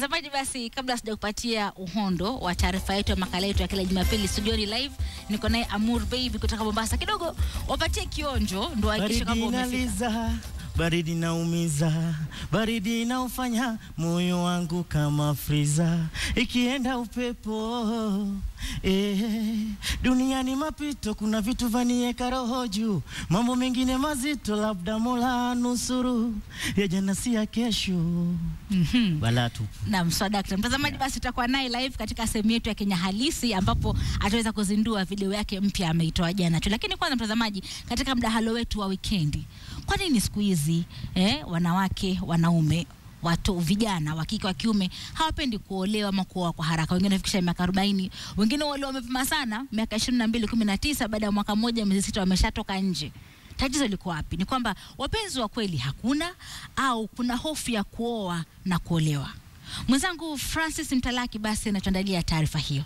Mtazamaji, basi kabla sijakupatia uhondo wa taarifa yetu ya makala yetu ya kila Jumapili studioni live, niko naye Amur Baby kutoka Mombasa. Kidogo wapatie kionjo, ndo hakikisha kama umefika baridi naumiza, baridi naufanya moyo wangu kama friza, ikienda upepo eh, dunia ni mapito, kuna vitu vanieka roho juu, mambo mengine mazito, labda Mola nusuru, ya jana si ya kesho. mm -hmm. Bala tupu. Naam, sawa mtazamaji, yeah. Basi tutakuwa naye live katika sehemu yetu ya Kenya Halisi ambapo ataweza kuzindua video yake mpya ameitoa jana tu, lakini kwanza mtazamaji, katika mdahalo wetu wa wikendi kwa nini siku hizi eh, wanawake wanaume watu vijana wa kike wa kiume hawapendi kuolewa ama kuoa kwa haraka. Wengine wafikisha miaka arobaini, wengine waolewa mapema sana miaka ishirini na mbili kumi na tisa baada ya mwaka mmoja miezi sita wameshatoka nje. Tatizo liko wapi? Ni kwamba wapenzi wa kweli hakuna, au kuna hofu ya kuoa na kuolewa. Mwenzangu Francis Mtalaki basi anatuandalia taarifa hiyo.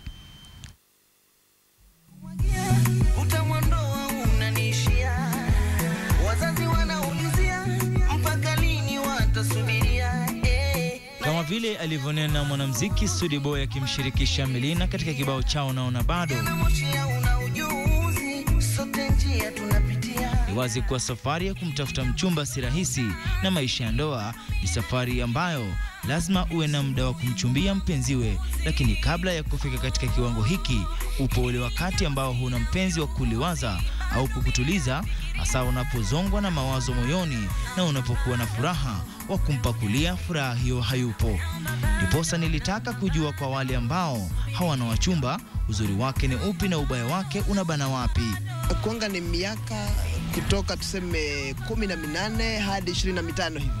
vile alivyonena mwanamuziki Sudi Boy akimshirikisha melina katika kibao chao naona bado. Ni wazi kuwa safari ya kumtafuta mchumba si rahisi, na maisha ya ndoa ni safari ambayo lazima uwe na muda wa kumchumbia mpenziwe, lakini kabla ya kufika katika kiwango hiki, upo ule wakati ambao huna mpenzi wa kuliwaza au kukutuliza, hasa unapozongwa na mawazo moyoni na unapokuwa na furaha wa kumpakulia furaha hiyo hayupo. Ndiposa nilitaka kujua kwa wale ambao hawana wachumba, uzuri wake ni upi na ubaya wake unabana wapi? Kuanga ni miaka kutoka tuseme kumi na minane hadi ishirini na mitano hivi.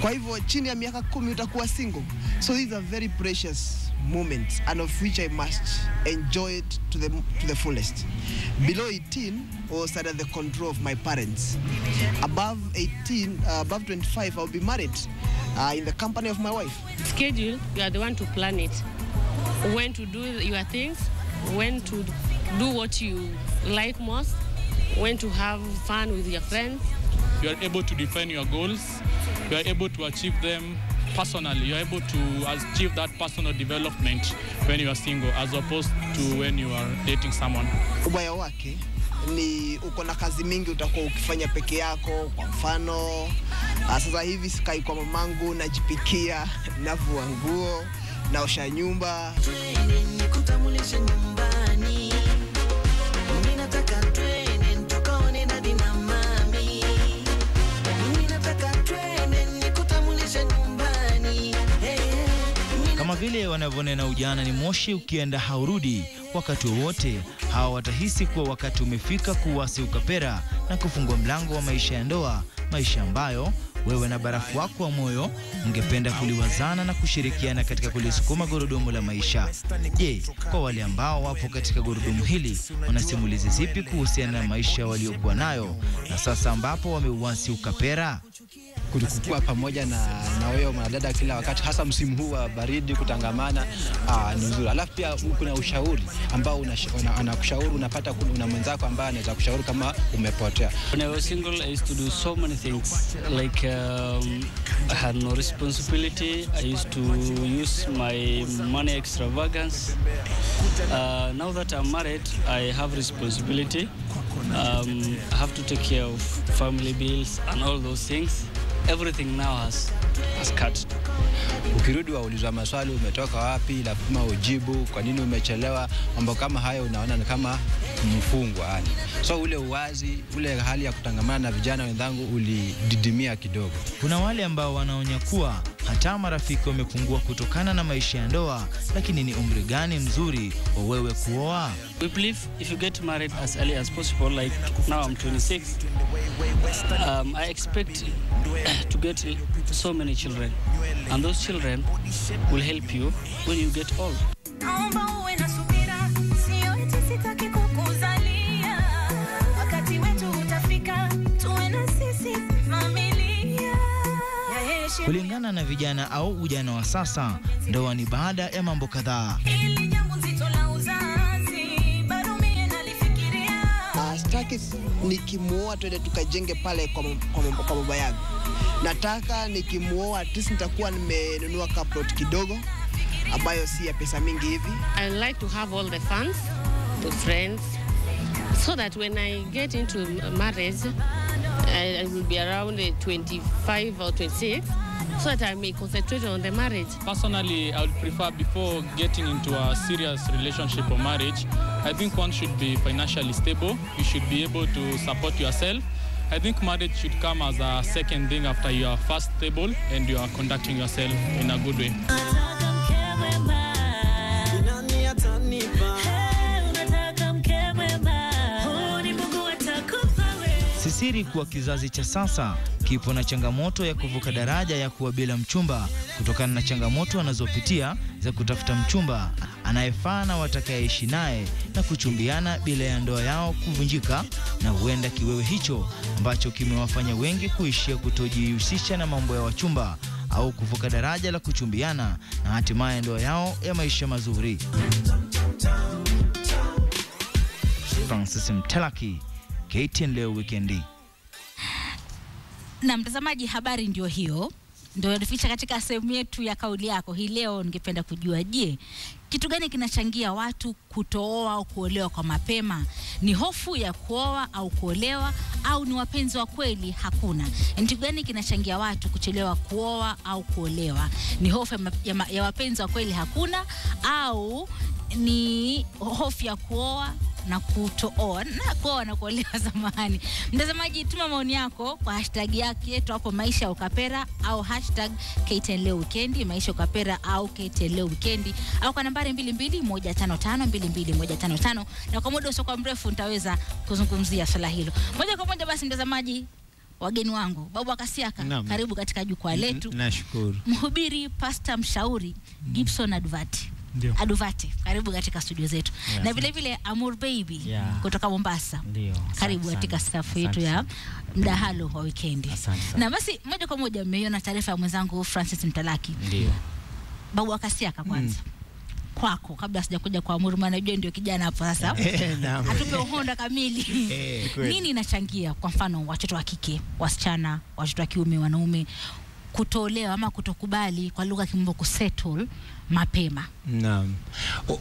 Kwa hivyo chini ya miaka kumi utakuwa single, so these are very precious moments and of which I must enjoy it to the, to the fullest. Below 18, I was under the control of my parents. Above 18, uh, above 25, I'll be married uh, in the company of my wife. Schedule, you are the one to plan it. When to do your things, when to do what you like most, when to have fun with your friends. You are able to define your goals, you are able to achieve them personally, you're able to achieve that personal development when you are single as opposed to when you are dating someone. Ubaya wake ni uko na kazi mingi utakuwa ukifanya peke yako. Kwa mfano, ah, sasa hivi sikai kwa mamangu, najipikia, navua nguo, naosha nyumba. ni, vile wanavyonena ujana ni moshi ukienda haurudi. Wakati wowote hawa watahisi kuwa wakati umefika kuwasi ukapera na kufungua mlango wa maisha ya ndoa, maisha ambayo wewe na barafu wako wa moyo mngependa kuliwazana na kushirikiana katika kulisukuma gurudumu la maisha. Je, kwa wale ambao wapo katika gurudumu hili, wanasimulizi zipi kuhusiana na maisha waliokuwa nayo na sasa ambapo wameuasi ukapera? kuwa pamoja na, na wewe mwanadada kila wakati, hasa msimu huu wa baridi, kutangamana ah, ni nzuri. Alafu pia kuna ushauri ambao anakushauri una, una unapata kuna mwenzako ambaye anaweza kushauri kama umepotea. When I was single I used to do so many things like um, I had no responsibility. I used to use my money extravagance. Uh, now that I'm married I have responsibility. Um, I have to take care of family bills and all those things everything now has, has cut. Ukirudi waulizwa maswali, umetoka wapi, lazima ujibu kwa nini umechelewa. Mambo kama hayo unaona ni kama mfungwa yani. So ule uwazi, ule hali ya kutangamana na vijana wenzangu ulididimia kidogo. Kuna wale ambao wanaonya kuwa hata marafiki wamepungua kutokana na maisha ya ndoa. Lakini ni umri gani mzuri wa wewe kuoa? We believe if you get married as early as possible like now I'm 26 um, I expect to get so many children and those children will help you when you get old. Kulingana na vijana au ujana wa sasa, ndoa ni baada ya mambo kadhaa. Ah, sitaki nikimuoa twende tukajenge pale kwa baba yangu. Nataka nikimuoa tisi nitakuwa nimenunua kaplot kidogo ambayo si ya pesa mingi hivi. I like to have all the funds, to friends, so that when I get into marriage I, I will be around 25 or 26 so that I may concentrate on the marriage. Personally, I would prefer before getting into a serious relationship or marriage, I think one should be financially stable. You should be able to support yourself. I think marriage should come as a second thing after you are first stable and you are conducting yourself in a good way. siri kuwa kizazi cha sasa kipo na changamoto ya kuvuka daraja ya kuwa bila mchumba kutokana na changamoto anazopitia za kutafuta mchumba anayefaa na watakayeishi naye na kuchumbiana bila ya ndoa yao kuvunjika, na huenda kiwewe hicho ambacho kimewafanya wengi kuishia kutojihusisha na mambo ya wachumba au kuvuka daraja la kuchumbiana na hatimaye ndoa yao ya maisha mazuri. Francis Mtelaki, KTN leo weekend Na mtazamaji, habari ndio hiyo ndio yatufikisha katika sehemu yetu ya kauli yako hii leo. Ningependa kujua, je, kitu gani kinachangia watu kutooa au kuolewa kwa mapema? Ni hofu ya kuoa au kuolewa, au ni wapenzi wa kweli hakuna? Ni kitu gani kinachangia watu kuchelewa kuoa au kuolewa? Ni hofu ya, ya, ya wapenzi wa kweli hakuna, au ni hofu ya kuoa na kutooa na kuoa na kuolewa zamani. Mtazamaji, tuma maoni yako kwa hashtag yake yetu hapo maisha ukapera au hashtag KTN leo wikendi, maisha ukapera au KTN leo wikendi, au kwa nambari 2215522155 na kwa muda usio kwa mrefu nitaweza kuzungumzia swala hilo moja kwa moja. Basi mtazamaji, wageni wangu Babu Akasiaka Naam. karibu katika jukwaa letu. Nashukuru mhubiri, pastor mshauri mm. Gibson Advati Ndiyo. Aduvate karibu katika studio zetu yeah, na vile vile Amur Baby yeah. kutoka Mombasa Ndiyo. karibu katika safu yetu ya mdahalo wa wikendi. Na basi moja kwa moja mmeiona taarifa ya mwenzangu Francis Mtalaki. Ndiyo. Babu Akasiaka kwanza mm kwako kabla sijakuja kwa Amuru, maana najua ndio kijana hapo sasa, eh, atupe uhonda kamili eh, nini inachangia kwa mfano watoto wa kike, wasichana, watoto wa kiume, wanaume kutolewa ama kutokubali kwa lugha kimombo kusettle mapema. Naam,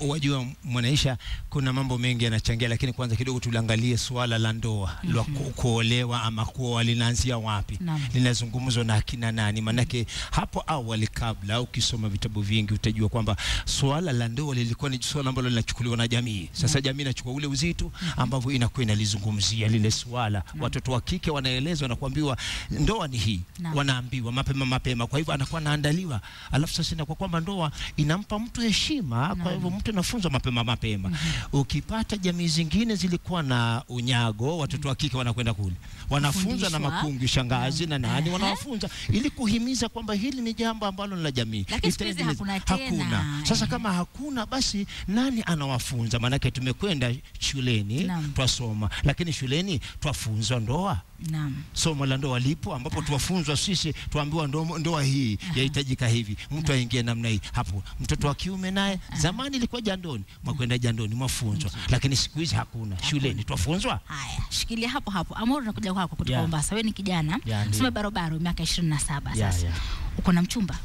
wajua Mwanaisha, kuna mambo mengi yanachangia, lakini kwanza kidogo tuliangalie swala la ndoa mm -hmm. la ku, kuolewa ama kuoa linaanzia wapi, linazungumzwa na akina nani? Manake hapo awali, kabla ukisoma vitabu vingi, utajua kwamba suala la ndoa lilikuwa ni suala ambalo linachukuliwa na jamii. Sasa jamii inachukua ule uzito mhm. ambavyo inakuwa inalizungumzia lile -hmm. Watoto wa kike wanaelezwa na kuambiwa ndoa ni hii, wanaambiwa mapema mapema, kwa hivyo anakuwa anaandaliwa, alafu sasa inakuwa kwamba ndoa inampa mtu heshima. Kwa hivyo mtu anafunzwa mapema mapema. Mhm. Ukipata jamii zingine zilikuwa na unyago, watoto wa kike wanakwenda kule wanafunzwa na makungwi shangazi na nani, wanawafunza ili kuhimiza kwamba hili ni jambo ambalo la jamii. Lakini hakuna, hakuna sasa. Kama hakuna basi nani anawafunza? Maanake tumekwenda shuleni twasoma, lakini shuleni twafunzwa ndoa Naam. Somo la ndoa lipo ambapo tuwafunzwa sisi, tuambiwa ndoa hii yahitajika hivi, mtu aingie namna hii. Hapo mtoto wa kiume naye, zamani ilikuwa jandoni, mwakwenda jandoni mwafunzwa, lakini siku hizi hakuna shuleni, twafunzwa. Haya, shikilia hapo hapo. Amor, nakuja kwako kutoka Mombasa. Yeah. Wewe ni kijana, yeah, sema barobaro, miaka 27 sasa. Yeah, yeah. Uko na mchumba?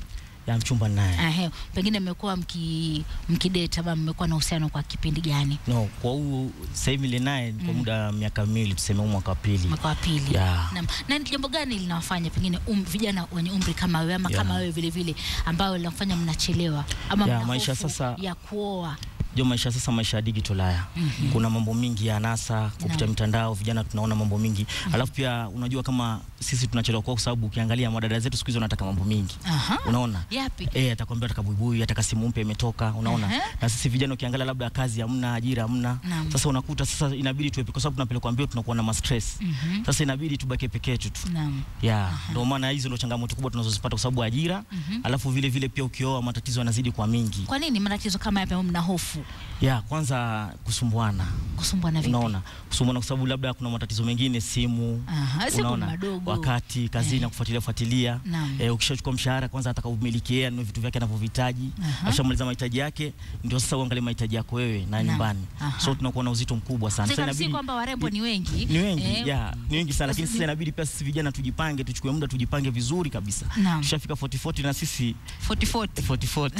ya mchumba naye. Ehe, pengine mmekuwa mki mkidate ama mmekuwa na uhusiano kwa kipindi gani? No, kwa huu sasa hivi naye mm. kwa muda miaka miwili tuseme mwaka wa pili. Mwaka wa pili. Yeah. Na, na jambo gani linawafanya pengine um, vijana wenye umri kama wewe ama yeah. kama wewe vile vile ambao linafanya mnachelewa ama yeah, maisha sasa ya kuoa jo maisha sasa, maisha ya digital haya mm -hmm. kuna mambo mingi ya anasa kupitia no. mitandao, vijana tunaona mambo mingi mm -hmm. alafu pia unajua kama sisi tunachelewa kwa sababu ukiangalia madada zetu siku hizo wanataka mambo mingi Aha. unaona yapi? Eh, atakwambia ataka buibui, ataka simu mpya imetoka, unaona uh -huh. na sisi vijana ukiangalia, labda kazi hamna, ajira hamna no. Sasa unakuta sasa inabidi tuwe kwa sababu tunapelekwa mbio, tunakuwa na stress mm -hmm. Sasa inabidi tubaki peke yetu tu no. yeah. Ndio maana hizo ndio changamoto kubwa tunazozipata kwa sababu ajira mm -hmm. alafu vile vile pia ukioa matatizo yanazidi kwa mingi. Kwa nini matatizo kama yapi? mna hofu tu ya kwanza kusumbuana, kusumbuana vipi? Unaona, kusumbuana kwa sababu labda kuna matatizo mengine, simu, Aha, unaona madogo. wakati kazini eh, kufuatilia fuatilia eh, ukishachukua mshahara kwanza atakavumiliki yeye anunue vitu vyake anavyohitaji, Ashamaliza mahitaji yake ndio sasa uangalie mahitaji yako wewe na nyumbani, so tunakuwa na uzito mkubwa sana. Sasa inabidi kwamba warembo ni wengi, ni wengi eh, ya ni wengi sana, lakini sasa inabidi pia sisi vijana tujipange, tuchukue muda tujipange vizuri kabisa. Tushafika 40 40 na sisi 40 40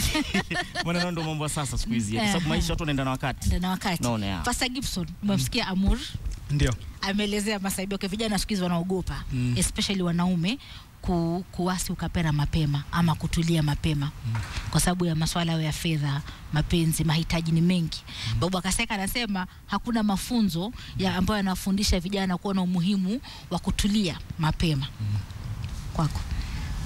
40 maana ndio mambo sasa siku hizi, kwa eh. sababu maisha watu wanaenda na wakati na wakati. Naona Pastor Gibson, umemsikia mm. Amur? Ndio. Ameelezea masaibu kwa vijana siku hizi wanaogopa mm. especially wanaume ku, kuwasi ukapera mapema ama kutulia mapema mm. kwa sababu ya masuala ya fedha, mapenzi, mahitaji ni mengi mm. Babu Akaseka anasema hakuna mafunzo ya ambayo yanafundisha vijana kuona umuhimu wa kutulia mapema mm. kwako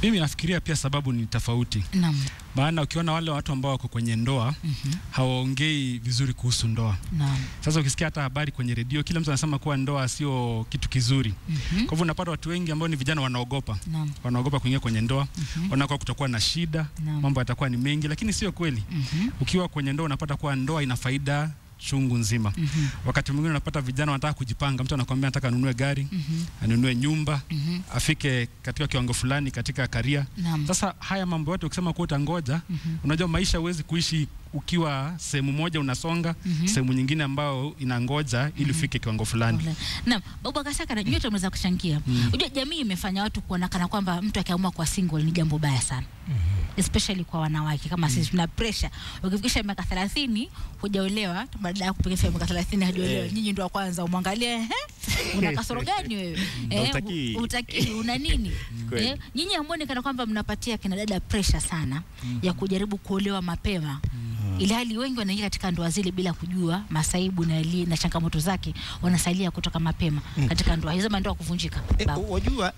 mimi nafikiria pia sababu ni tofauti. Naam. Maana ukiona wale watu ambao wako kwenye ndoa mm -hmm. hawaongei vizuri kuhusu ndoa. Naam. Sasa ukisikia hata habari kwenye redio, kila mtu anasema kuwa ndoa sio kitu kizuri. Mm -hmm. Kwa hivyo unapata watu wengi ambao ni vijana wanaogopa. Naam. Wanaogopa kuingia kwenye ndoa. Mm -hmm. Wanakuwa kutakuwa na shida, mambo yatakuwa ni mengi, lakini sio kweli. Mm -hmm. Ukiwa kwenye ndoa unapata kuwa ndoa ina faida chungu nzima. mm -hmm. Wakati mwingine unapata vijana wanataka kujipanga, mtu anakwambia nataka anunue gari mm -hmm. anunue nyumba mm -hmm. afike katika kiwango fulani katika karia. Sasa haya mambo yote ukisema kuwa utangoja, mm -hmm. unajua maisha huwezi kuishi ukiwa sehemu moja unasonga mm -hmm. sehemu nyingine ambayo inangoja ili mhm. ufike mm -hmm. kiwango fulani. Naam, Baba Kasaka, nyote mm. kushangia. Unajua mm. Unajua jamii imefanya watu kuona kana kwamba mtu akiamua kuwa single ni jambo baya sana mm -hmm. especially kwa wanawake kama mm -hmm. sisi tuna pressure, ukifikisha miaka 30 hujaolewa, baada ya kufikisha miaka 30 hajaolewa, eh. nyinyi ndio wa kwanza umwangalie, eh, una kasoro gani wewe? Mm. Eh, utaki una nini? Eh, nyinyi ambao kana kwamba mnapatia kina dada pressure sana mm -hmm. ya kujaribu kuolewa mapema mm -hmm mm. ili hali wengi wanaingia katika ndoa zile bila kujua masaibu na, li, na changamoto zake, wanasalia kutoka mapema mm. katika ndoa hizo, ndoa kuvunjika. E, eh, wajua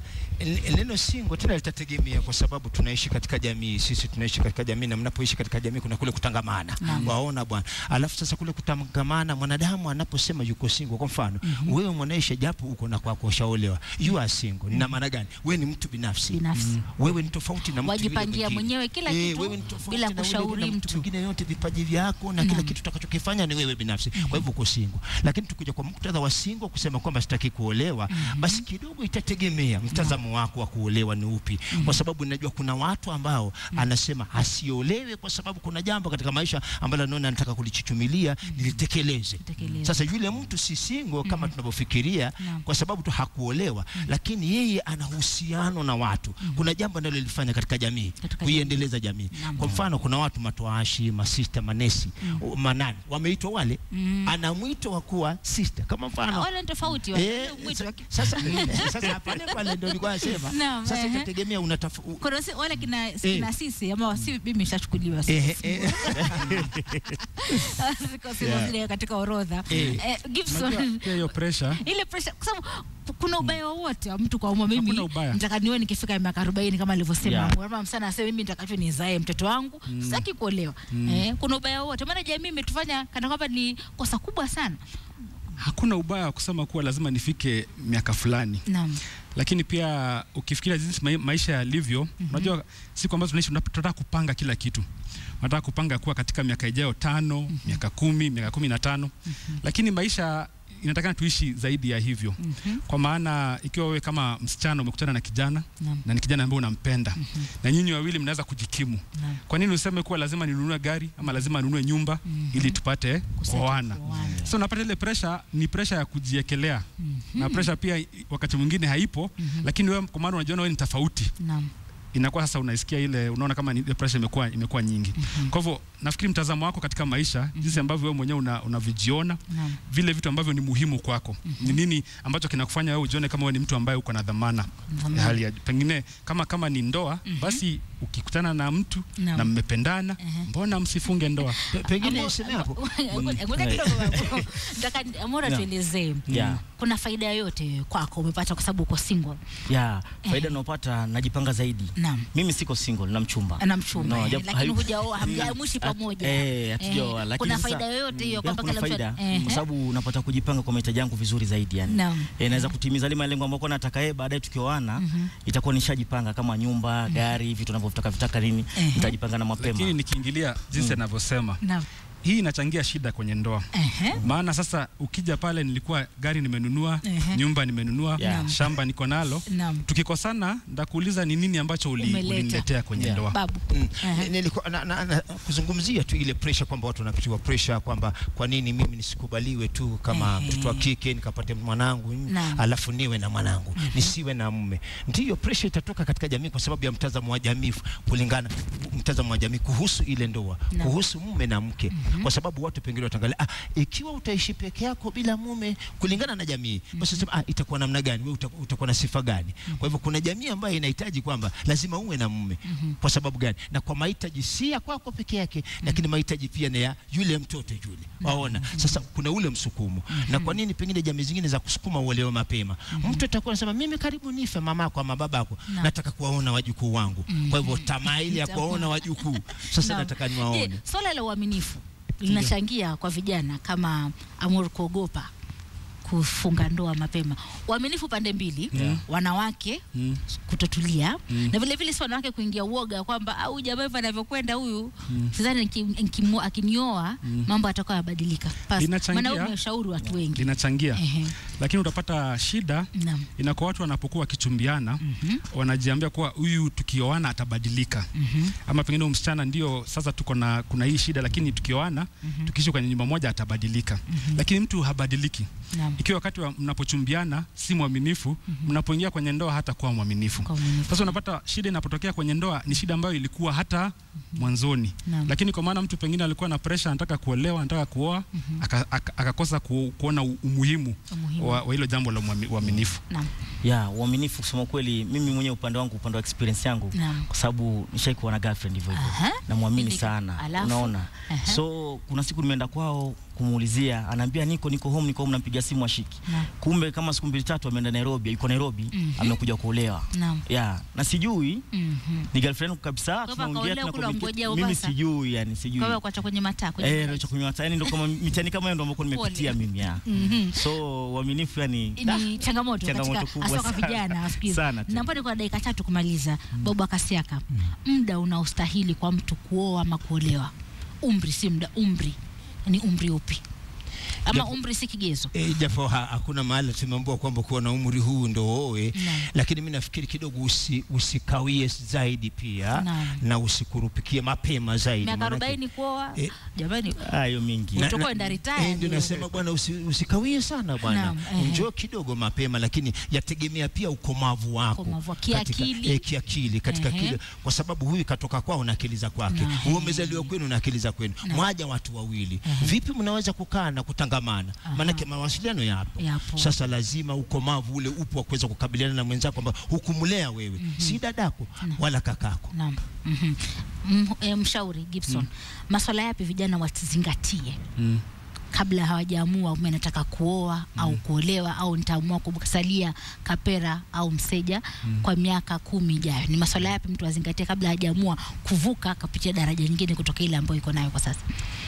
neno singo tena litategemea, kwa sababu tunaishi katika jamii, sisi tunaishi katika jamii, na mnapoishi katika jamii kuna kule kutangamana, mm. waona bwana. Alafu sasa kule kutangamana, mwanadamu anaposema yuko singo kwa mfano mm -hmm. wewe mwanaisha, japo uko na kwako ushaolewa, you are single, nina mm. maana gani? Wewe ni mtu binafsi, binafsi. Mm. wewe ni tofauti na mtu wajipangia mwenyewe kila e, bila kushauri mtu mwingine yote vipa vipaji vyako na kila mm. kitu utakachokifanya ni wewe binafsi. Kwa hivyo uko single. Lakini tukija kwa muktadha wa single kusema kwamba sitaki kuolewa, mm. basi kidogo itategemea mtazamo wako wa kuolewa ni upi, mm. kwa sababu najua kuna watu ambao anasema asiolewe kwa sababu kuna jambo katika maisha ambalo anaona anataka kulichuchumilia nilitekeleze. Sasa yule mtu si single kama tunavyofikiria, kwa sababu tu hakuolewa, lakini yeye ana uhusiano na watu. Kuna jambo analolifanya katika jamii, kuiendeleza jamii. Kwa mfano, kuna watu matoashi masista sister Manesi mm. Manani wameitwa wale mm. ana mwito wa kuwa sister kama mfano wale ni tofauti wale e, eh, sasa eh, sasa pale pale ndio nilikuwa nasema no, sasa itategemea unatafu kwa sababu wale kina, eh. kina sisi ama si mimi nishachukuliwa eh, eh. kwa sababu yeah. katika orodha eh. eh, Gibson hiyo pressure ile pressure kwa sababu kuna ubaya wowote wa mtu kwa umma. Mimi nitaka niwe nikifika miaka 40 kama alivyosema yeah. Mama msana aseme mimi nitakacho nizae mtoto wangu mm. Sitaki kuolewa mm. Eh, kuna ubaya wowote? Maana jamii imetufanya kana kwamba ni kosa kubwa sana. Hakuna ubaya wa kusema kuwa lazima nifike miaka fulani. Naam. Lakini pia ukifikiria jinsi maisha yalivyo, mhm. unajua mm -hmm. siku ambazo tunaishi tunataka kupanga kila kitu unataka kupanga kuwa katika miaka ijayo tano, mm -hmm. miaka kumi, miaka kumi na tano mm -hmm. lakini maisha inatakana tuishi zaidi ya hivyo mm -hmm. Kwa maana ikiwa wewe kama msichana umekutana na kijana mm -hmm. na ni kijana ambaye unampenda mm -hmm. na nyinyi wawili mnaweza kujikimu mm -hmm. Kwa nini useme kuwa lazima ninunue gari ama lazima ninunue nyumba mm -hmm. ili tupate kuoana? So unapata ile pressure, ni pressure ya kujiekelea mm -hmm. na mhm. pressure pia wakati mwingine haipo mm -hmm. lakini wewe kwa maana unajiona wewe ni tofauti mm -hmm inakuwa sasa unaisikia ile, unaona kama ni pressure imekuwa imekuwa nyingi. Mm -hmm. Kwa hivyo nafikiri mtazamo wako katika maisha, mm -hmm. jinsi ambavyo wewe mwenyewe una, unavijiona mm -hmm. vile vitu ambavyo ni muhimu kwako mm -hmm. ni nini ambacho kinakufanya wewe ujione kama wewe ni mtu ambaye uko na dhamana mm -hmm. hali ya pengine kama kama ni ndoa mm -hmm. basi ukikutana na mtu no. na mmependana uh -huh. mbona msifunge ndoa? pengine niseme hapo nataka tuelezee kuna faida yoyote kwako umepata kwa sababu uko single? Yeah, faida eh. najipanga zaidi Naam. Mimi siko single na mchumba. Na mchumba. No, eh, ja, lakini hujaoa, hamjaamushi ah, pamoja. Eh, hatujaoa eh, lakini kuna faida yoyote hiyo mm, kwamba kila mtu eh, kwa eh? sababu unapata kujipanga kwa mahitaji yangu vizuri zaidi yani. Naam. Eh, naweza kutimiza ile malengo ambayo nataka yeye baadaye tukioana mm -hmm. itakuwa nishajipanga kama nyumba, mhm. gari, vitu ninavyotaka vitaka nini, nitajipanga na mapema. Lakini nikiingilia jinsi mm. anavyosema. Naam hii inachangia shida kwenye ndoa uh-huh. maana sasa ukija pale nilikuwa gari nimenunua uh-huh. nyumba nimenunua yeah. shamba niko nalo tukikosana ndakuuliza ni nini ambacho uliniletea kwenye yeah. ndoa Babu. Mm. Uh-huh. Nilikuwa na, na, na, kuzungumzia tu ile pressure kwamba watu wanapitiwa pressure kwamba kwa nini mimi nisikubaliwe tu kama mtoto uh-huh. wa kike nikapate mwanangu mm, alafu niwe na mwanangu uh-huh. nisiwe na mume ndiyo pressure itatoka katika jamii kwa sababu ya mtazamo wa jamii kulingana mtazamo wa jamii kuhusu ile ndoa kuhusu mume na mke mm-hmm -hmm. kwa sababu watu pengine watangalia ah, ikiwa utaishi peke yako bila mume kulingana na jamii mm -hmm. basi sema ah, itakuwa namna gani wewe utakuwa, utakuwa na sifa gani mm -hmm. kwa hivyo kuna jamii ambayo inahitaji kwamba lazima uwe na mume mm -hmm. kwa sababu gani na kwa mahitaji si ya kwako peke yake mm -hmm. lakini mahitaji pia ni ya yule mtoto yule mhm. waona mm -hmm. sasa kuna ule msukumo mm -hmm. na kwa nini pengine jamii zingine za kusukuma uelewa mapema mm -hmm. mtu atakuwa anasema mimi karibu nife mamako ama babako na. nataka kuwaona wajukuu wangu mm -hmm. kwa hivyo mhm. tamaa ile ya kuwaona wajukuu sasa na. nataka niwaone swala la uaminifu linachangia kwa vijana kama Amur kuogopa kufunga ndoa mapema. Waaminifu pande mbili yeah. wanawake mm. kutotulia mm. na vile vile si wanawake kuingia uoga kwamba au ah, jamaa hivi anavyokwenda huyu mm. sidhani akinioa mm. mambo atakuwa yabadilika. Maana ushauri watu wengi linachangia lakini utapata shida Naam. inakuwa watu wanapokuwa wakichumbiana mm -hmm. wanajiambia kuwa huyu tukioana atabadilika mm -hmm. ama pengine msichana ndio sasa tuko na kuna hii shida, lakini tukioana mm -hmm. tukiishi kwenye nyumba moja atabadilika mm -hmm. lakini mtu habadiliki Naam. ikiwa wakati wa mnapochumbiana si mwaminifu mm -hmm. mnapoingia kwenye ndoa hata kuwa mwaminifu. Sasa unapata shida inapotokea kwenye ndoa ni shida ambayo ilikuwa hata mm -hmm. mwanzoni Naam. lakini kwa maana mtu pengine alikuwa na pressure, anataka kuolewa, anataka kuoa mm -hmm. akakosa aka, aka ku, kuona umuhimu, umuhimu wa, wa hilo jambo la uaminifu. Ya, uaminifu kusema kweli mimi mwenyewe upande wangu upande wa experience yangu kwa sababu nishaikuwa na girlfriend hivyo hivyo. Namwamini sana. Unaona? So kuna siku nimeenda kwao kumuulizia, anaambia niko niko home niko home, nampiga simu ashiki. Kumbe kama siku mbili tatu ameenda Nairobi, yuko Nairobi, mm -hmm. amekuja kuolewa. ya na sijui mm -hmm. ni girlfriend kabisa, tunaongea tunakombikia. Mimi sijui yani, sijui. Kwa kwa kuacha kwenye mata kwenye. Eh, kwenye mata Yani ndio kama mitani kama hiyo ndio ambayo nimepitia mimi ya. Mm -hmm. So wamini uaminifu yani ni changamoto, ah, changamoto katika soka vijana sana. Naomba kwa dakika tatu kumaliza. Mm. Babu Akasiaka, muda mm. unaostahili kwa mtu kuoa ama kuolewa, umri si muda, umri ni yaani umri upi? ama Jafo, umri si kigezo e, japo ha, hakuna mahali tumeambiwa kwamba kuwa na umri huu ndo owe na. Lakini mimi nafikiri kidogo usi, usikawie zaidi pia na, na usikurupikie mapema zaidi miaka 40 kuoa e, jamani, hayo mingi utakwenda retire. Eh, ndio nasema bwana, usi, usikawie sana bwana, njoo kidogo mapema, lakini yategemea pia ukomavu wako ukomavu kiakili, e, kiakili katika kile, kwa sababu huyu katoka kwao na akili za kwake, wewe umezaliwa kwenu na akili za kwenu, mwaja watu wawili, vipi mnaweza kukaa na kutangamana, maanake mawasiliano yapo. yapo. Sasa lazima ukomavu ule upo wa kuweza kukabiliana na mwenzako kwamba hukumlea wewe mm -hmm. si dadako na. wala kakako na. Mm -hmm. Eh, mshauri Gibson, mm. maswala yapi vijana wazingatie? mm kabla hawajaamua nataka kuoa mm. au kuolewa au nitaamua kusalia kapera au mseja mm. kwa miaka kumi ijayo. Ni masuala yapi mtu azingatie kabla hajaamua kuvuka akapitia daraja nyingine kutoka ile ambayo iko nayo kwa sasa?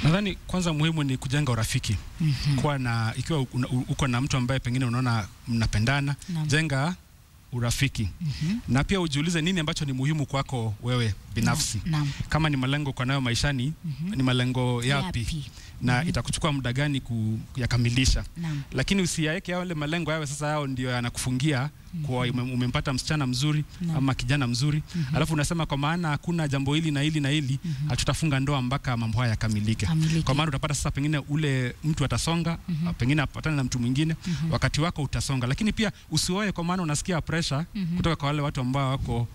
Nadhani kwanza muhimu ni kujenga urafiki mm -hmm. kuwa na ikiwa uko na mtu ambaye pengine unaona mnapendana, jenga urafiki mm -hmm. na pia ujiulize nini ambacho ni muhimu kwako wewe binafsi na, na. kama ni malengo kwa nayo maishani mm -hmm. ni malengo yapi, na mm -hmm. itakuchukua muda gani kuyakamilisha, lakini usiyaeke yale malengo yawe sasa yao ndio yanakufungia kwa umempata msichana mzuri na ama kijana mzuri mm -hmm. Alafu unasema kwa maana hakuna jambo hili na hili na hili mm -hmm. Hatutafunga ndoa mpaka mambo haya yakamilike. Kwa maana utapata sasa, pengine ule mtu atasonga mm -hmm. Pengine apatane na mtu mwingine mm -hmm. Wakati wako utasonga, lakini pia usioe, kwa maana unasikia pressure mm -hmm. kutoka kwa wale watu ambao wako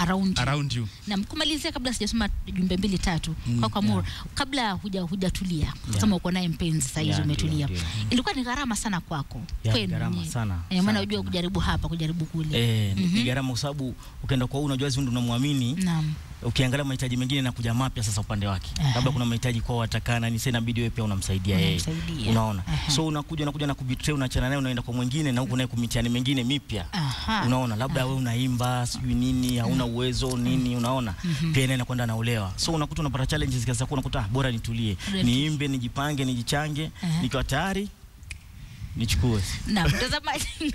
around, around you. Na kumalizia kabla sijasoma jumbe mbili tatu mm, kwa kwa yeah. kabla huja hujatulia yeah. Kama uko naye mpenzi sasa hizo yeah, umetulia yeah, yeah. Ilikuwa ni gharama sana kwako yeah, kwenu gharama sana e, maana unajua kujaribu hapa kujaribu kule eh, mm -hmm. ni mhm. gharama kwa sababu ukaenda kwa huyu unajua, unamwamini naam ukiangalia mahitaji mengine na kuja mapya sasa upande wake uh -huh. labda kuna mahitaji kwa watakana ni sasa inabidi wewe pia unamsaidia yeye unaona uh -huh. so unakuja unakuja na kubitray unaachana naye unaenda kwa mwingine na huko naye kumitiani mengine mipya uh -huh. unaona labda wewe uh -huh. unaimba sijui nini hauna mm-hmm. uwezo nini mm-hmm. unaona uh mm-hmm. -huh. pia naye anakwenda naolewa so unakuta unapata challenges kiasi unakuta ah, bora nitulie niimbe nijipange nijichange nikiwa tayari nichukue na mtazamaji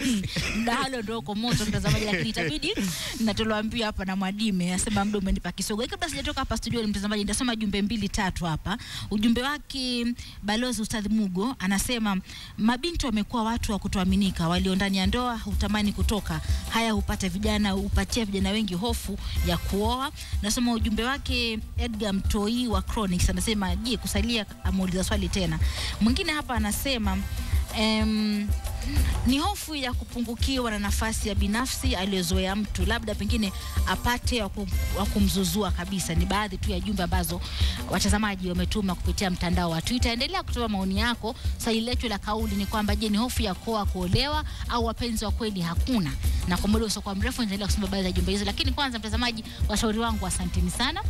mdahalo ndo uko moto mtazamaji, lakini itabidi natoloambia hapa na Mwadime asema muda umenipa kisogo. Kabla sijatoka hapa studio, ni mtazamaji, nitasoma jumbe mbili tatu hapa. Ujumbe wake balozi Ustadh Mugo anasema mabinti wamekuwa watu wa kutoaminika, walio ndani ya ndoa hutamani kutoka. Haya hupata vijana, hupatia vijana wengi hofu ya kuoa. Nasoma ujumbe wake Edgar Mtoi wa Chronics anasema, je, kusalia? Ameuliza swali tena. Mwingine hapa anasema um, ni hofu ya kupungukiwa na nafasi ya binafsi aliyozoea mtu, labda pengine apate wa kumzuzua kabisa. Ni baadhi tu ya jumbe ambazo watazamaji wametuma kupitia mtandao wa Twitter. Endelea kutoa maoni yako. Swali letu la kauli ni kwamba, je, ni hofu ya koa kuolewa au wapenzi wa kweli hakuna? na kwa muda usiokuwa mrefu nitaendelea kusoma baadhi ya jumbe hizo, lakini kwanza, mtazamaji, washauri wangu, asanteni sana.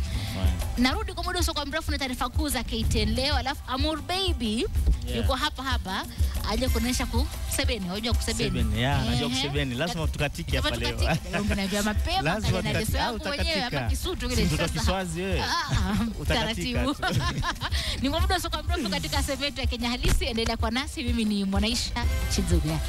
Narudi kwa muda usiokuwa mrefu na taarifa kuu za KTN leo, alafu Amur Baby yeah. yuko hapa hapa aje kuonesha ku sebeni, unajua ku Sebeni, yeah, ku sebeni, lazima tukatike hapa leo. Ungenaambia mapema lazima ah, mwenyewe hapa Kisutu kile sasa, ah, utakatika. ni kwa muda usiokuwa mrefu katika sebeni ya Kenya Halisi. Endelea kwa nasi, mimi ni Mwanaisha Chizuga.